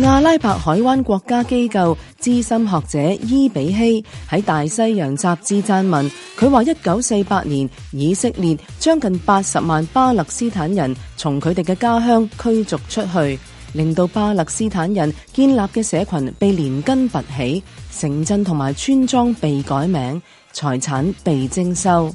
阿拉伯海灣國家機構資深學者伊比希喺大西洋雜誌撰文，佢話：一九四八年，以色列將近八十萬巴勒斯坦人從佢哋嘅家鄉驅逐出去，令到巴勒斯坦人建立嘅社群被連根拔起，城鎮同埋村莊被改名，財產被徵收。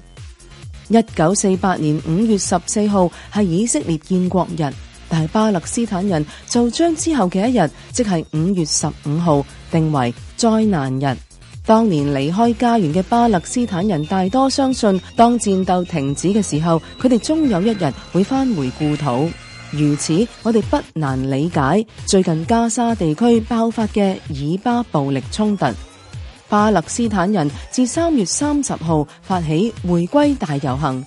一九四八年五月十四號係以色列建國日。但係巴勒斯坦人就將之後嘅一日，即係五月十五號，定為災難日。當年離開家園嘅巴勒斯坦人，大多相信當戰鬥停止嘅時候，佢哋終有一日會返回故土。如此，我哋不難理解最近加沙地區爆發嘅以巴暴力衝突。巴勒斯坦人自三月三十號發起回歸大遊行。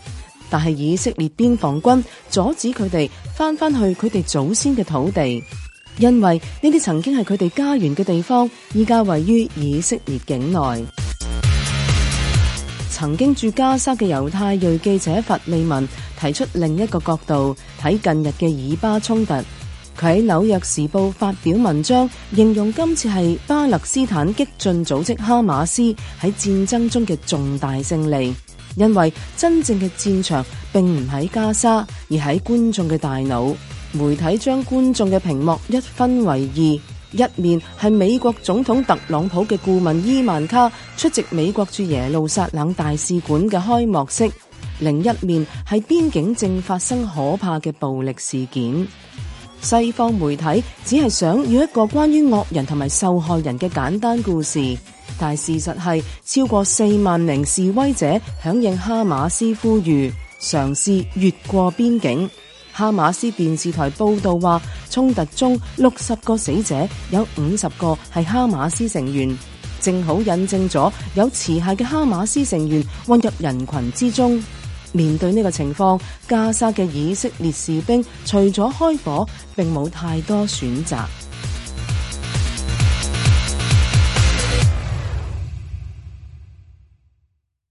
但係以色列邊防軍阻止佢哋翻翻去佢哋祖先嘅土地，因為呢啲曾經係佢哋家園嘅地方，依家位於以色列境內。曾經駐加沙嘅猶太裔記者佛利民提出另一個角度睇近日嘅以巴衝突。佢喺《紐約時報》發表文章，形容今次係巴勒斯坦激進組織哈馬斯喺戰爭中嘅重大勝利。因為真正嘅戰場並唔喺加沙，而喺觀眾嘅大腦。媒體將觀眾嘅屏幕一分為二，一面係美國總統特朗普嘅顧問伊萬卡出席美國駐耶路撒冷大使館嘅開幕式，另一面係邊境正發生可怕嘅暴力事件。西方媒體只係想要一個關於惡人同埋受害人嘅簡單故事。但事實係，超過四萬名示威者響應哈馬斯呼籲，嘗試越過邊境。哈馬斯電視台報道話，衝突中六十個死者有五十個係哈馬斯成員，正好印證咗有持械嘅哈馬斯成員混入人群之中。面對呢個情況，加沙嘅以色列士兵除咗開火，並冇太多選擇。